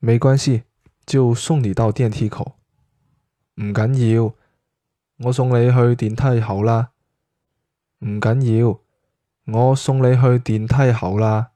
沒關係，就送你到電梯口。唔緊要，我送你去電梯口啦。唔緊要，我送你去電梯口啦。